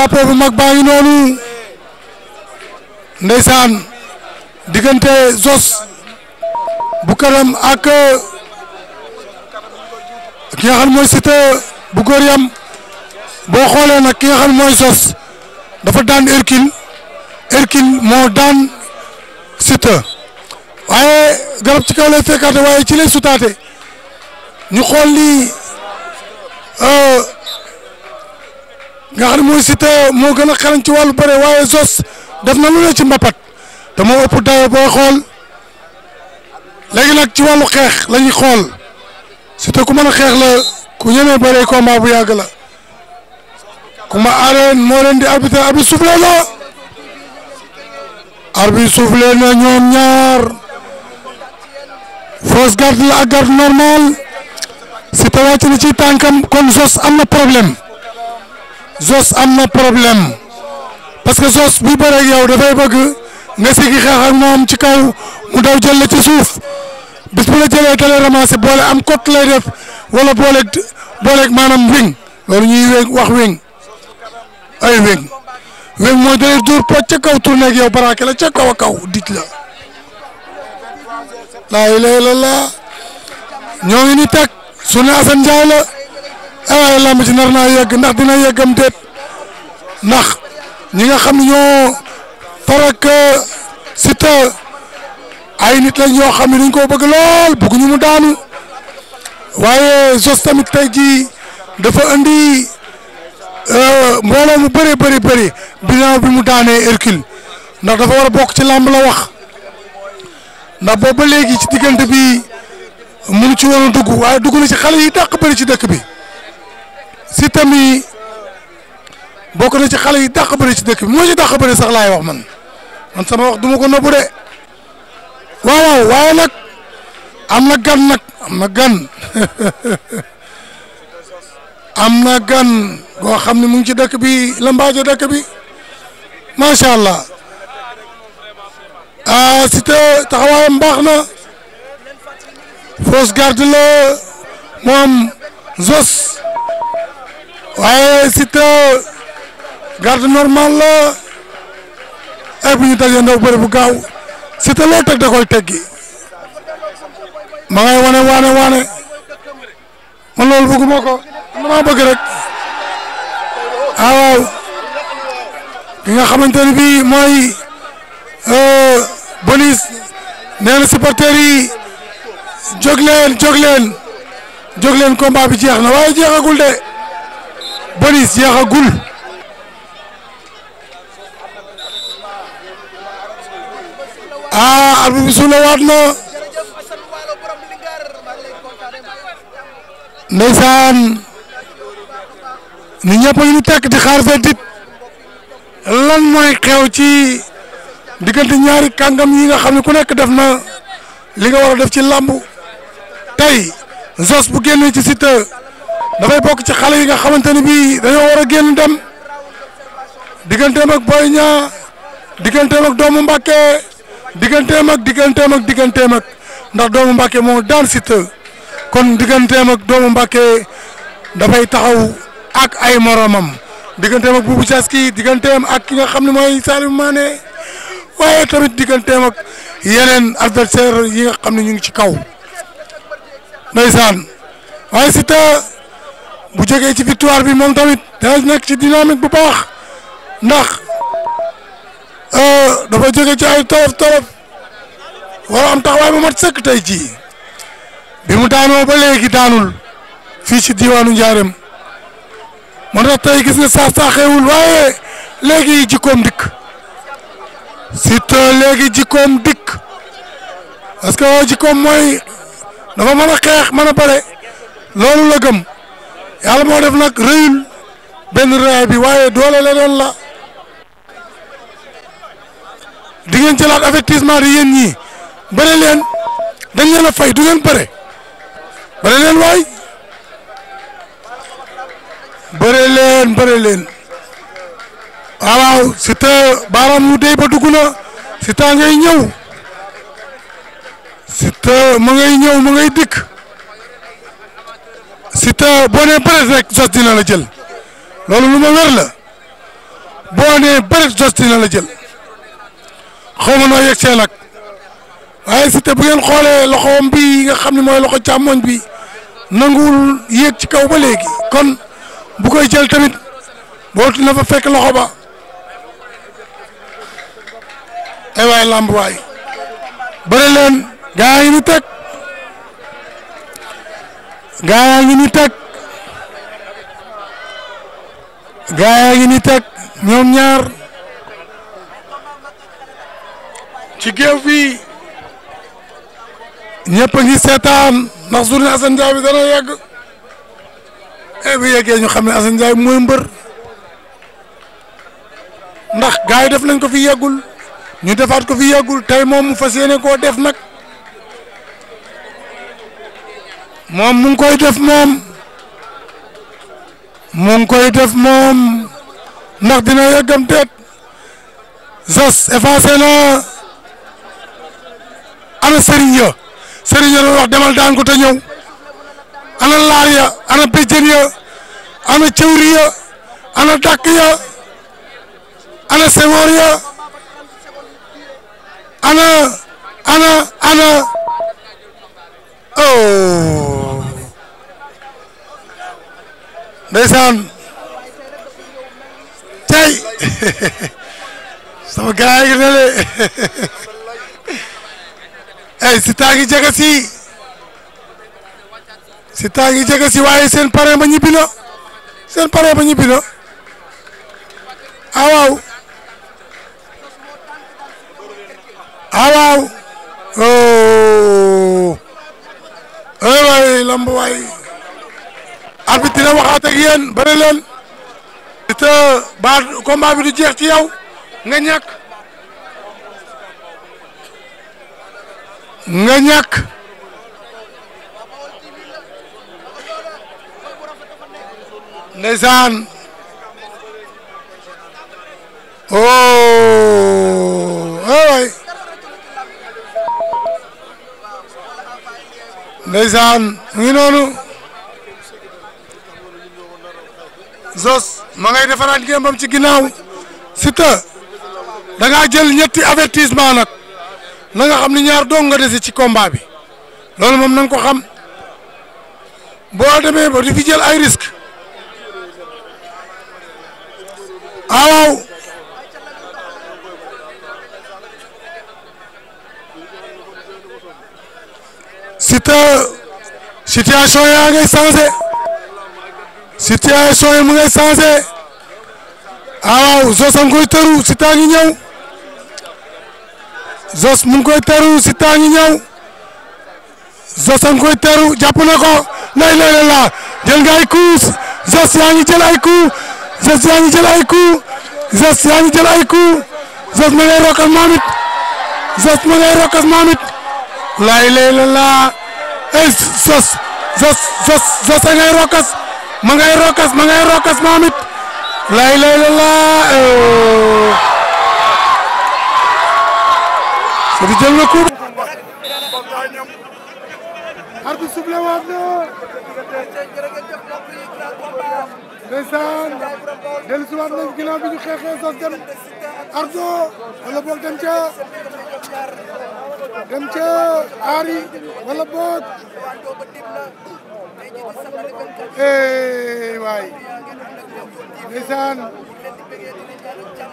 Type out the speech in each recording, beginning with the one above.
drapeau bu mag baa ngi noonu ndeysaan diggante Zoss bu kanam ak ki nga mooy Siteu bu góor yam boo xoolee nag ki nga mooy Zoss dafa daan Hercule Hercule moo daan Siteu waaye garab ci kaw lay fekkaate waaye ci lay sutaate ñu xool lii nga xam ne mooy moo gën a xarañ ci wàllu bëre waaye Zos def na lu ne ci mbapat te moo ëpp dayo ba xool léegi nag ci wàllu xeex la ñuy xool Siteu ku ma a xeex la ku ñemee bëre combat bu yàgg la kuma ma moo leen di arbitre arbitre soufflé la arbitre soufflé na ñoom ñaar fausse garde la ak garde normal Siteu wàcc na ci tànkam kon Zos am na Zoss am na problème parce que Zoss bu bëreeg yow dafay bëgg nga sigi xeex moom ci kaw mu daw jël la ci suuf bis bu la jëlee da lay boole am kot lay def wala booleeg maanaam wing loolu ñuy wax wing ay wing wing mooy da lay poc ca kaw tourné ak baraake la ca kaw a kaw dij la laa ilaaha illallaah ñoo ngi ni su ne Assane Ndiaye la. waaye lamb ci nar naa yegg ndax dina yeggam déet ndax ñi nga xam ne ñoo farak euh, Siteu ay nit lañ ñoo xam ne dañ koo bëgg lool bëgguñu mu daanu waaye Zoss tamit tey jii dafa andi euh, mbooloo mu bëri bëri bëri binaaw bi mu daanee Hercule ndax dafa war a bokk ci làmb la wax ndax boobu ba léegi ci diggante bi mënu ci woon a dugg waaye dugg na ci xale yi dàq bëri ci dëkk bi. Siteu mi bokk na ci xale yi dàq bëri ci dëkk bi moo ci dàq bëri sax laay wax man man sama wax duma ko nëbbu de waaw waaw waaye am na gan nag am na gan am na gan goo xam ne mu ngi ci dëkk bi lambaajo dëkk bi macha allah ah Siteu taxawaayam baax na fausse moom zos. waaye Siteu garde normal la ay bu ñu dajee ndaw bëri bu gaaw Siteu loo teg da koy teggi ma ngay wane waane waane man loolu bëgguma ko dama bëgg rek ah ki nga xamante ne bii mooy euh, bolis nee na supporters yi jóg leen jóg leen jóg leen bi jeex na waaye jeexagul de. bonus yéexagul ah arbitre bi suula waat na ndeysaan ni ñëpp ñu ngi di xaar seen tit lan mooy xew ci diggante ñaari kàngam yi nga xam ne ku nekk def na li nga war def ci làmb tey Zoss bu génnee ci Siteu dafay bokk ci xale yi nga xamante ni bii dañoo war a génn dem digganteem ak booy Niang digganteem ak doomu mbake digganteem ak digganteem ak digganteem ak ndax doomu mbake moo daan Siteu kon digganteem ak doomu Mbàkke dafay taxaw ak ay moromam digganteem ak Boubou Diaski digganteem ak ki nga xam ne mooy Salim Mané waaye tamit digganteem ak yeneen adversaire yi nga xam ne ñu ngi ci kaw ndeysaan waaye Siteu bu jógee ci victoire bi moom tamit nekk ci dynamique bu baax ndax euh, dafa jóge ci ay tolof tolof war a am taxawaay bu mat sëkk jii bi mu daanoo ba léegi daanul fii ci diwaanu Njaareem mot tax tey gis nga saa saa xewul waaye léegi jikkoom dikk surtout léegi jikkoom dikk parce que jikkoom mooy dafa mën a xeex mën a bare loolu la gëm. yàlla moo def nag rëyul benn rëyaay bi waaye doole la doon la di ngeen jëlaat avertissement di yéen ñii bëre leen dañ leen a fay du ngeen bëre bëre leen waay bëre leen bëre leen waaw Siteu baaraam wu dey ba dugg na Siteu ngay ñëw Siteu ma ngay ñëw ma ngay dikk Siteu boo nee bëreet rek Zoss dina la jël loolu lu ma wér la boo nee bëreet Zoss dina la jël xaw ma noo yegg see nag waaye Siteu bu ngeen xoolee loxoom bi nga xam ne mooy loxo càmmoñ bi nanguwul yéeg ci kaw ba léegi kon bu koy jël tamit bootu na fa fekk loxo ba ay eh waay waay bëri leen gaa yi ñu teg gaa yaa ngi ni teg gaa yaa ngi ni teg ñoom ñaar ci géew fii ñëpp a ngi seetaan ndax su ne Assane Ndiaye bi dana yegg e bu yeggee ñu xam ne Assane Ndiaye mooy mbër ndax gaa yi def nañ ko fi yeggul ñu defaat ko fi yeggul tey moom mu fas yéene koo def nag moom mu ngi koy def moom mu koy def moom ndax dina yëggam déet Zoss effacé na ana Serigne ya Serigne wax demal daan ko te ñëw ana laar ya ana béjjën ya ana cëwri ya ana dàkk ya ana sengoor ya ana ana ana oh ndeysaan tey sama gars yi ne le ay si taa ngi jege si si taa ngi jege waaye seen parrain ba ñibbi na seen parrain ba ñibbi na ah waaw ah waaw oh. Eh, ay arbitre waxaat ak yéen bëri leen te ba combat bi du jeex ci yaw nga ñàkk nga ñàkk ndeysaan oh eh ay ndeysaan ngi noonu Zos ma ngay defaraat ngémbam ci ginnaaw Siteu da ngaa jël ñetti avertisement nag na nga xam ni ñaar doom nga dese ci komba bi loolu moom na ko xam boo demee ba di jël ay risque awaw ah, Siteu situation yaa ngay changé situation yi mu ngay changé ah waaw Zoss a ngi koy tëru Siteu ngi ñëw Zoss mu ngi koy tëru Siteu ngi ñëw jàpp na ko lay lay la jël nga ay coups Zoss yaa ngi jël ay coups Zoss yaa ngi jël ay coups Zoss yaa ngi jël ay coups Zoss ma ngay rokkas maamit Zoss ma ngay rokkas lay lay la ay eh, Zoss Zoss Zoss Zoss a ngay ma ngay rokas ma ngay rokas moom it lay lay la na eh. coup arbi soufflé waat na ndeysaan dellu si waat nañ bi ñu xeexee sos dem ardo wala boog dem ca aari wala boog eh waay ndeysaan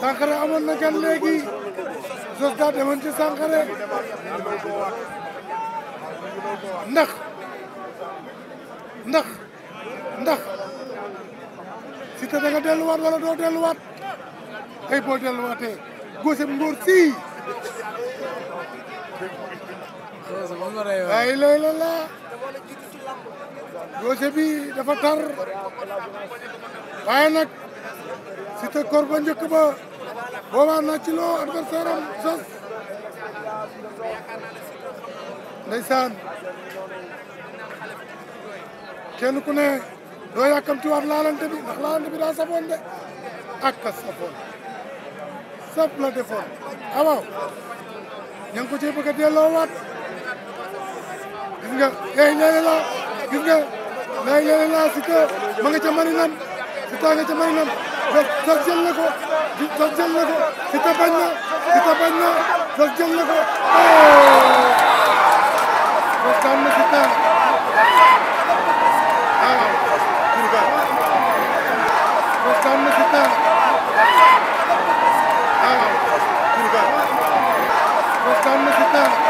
Sankharé amoon na gan léegi Zoss daa demoon ci ndax ndax ndax Siteu da nga delluwaat wala doo delluwaat ay boo delluwaatee góosam ngóor sii ay lay projet bi dafa tar waaye nag Siteu koor ba njëkk ba boobaa na ci loo adversaire am sas ndeysaan kenn ku ne doo yàkkamti waat laalante bi ndax laalante bi daa safoon de ak a safoon saf la defoon awaaw ah ña ko ci bëgg a delloo waat gis nga yey eh, la gis maa ngi ma nga ca marinam Siteu nga ca marinam Zoss jël na ko Zoss bañ na Siteu bañ na Zoss jël na ko Zoss eh! daan na Siteu waaw Kourga Zoss daan na Siteu waaw Kourga Zoss daan na Siteu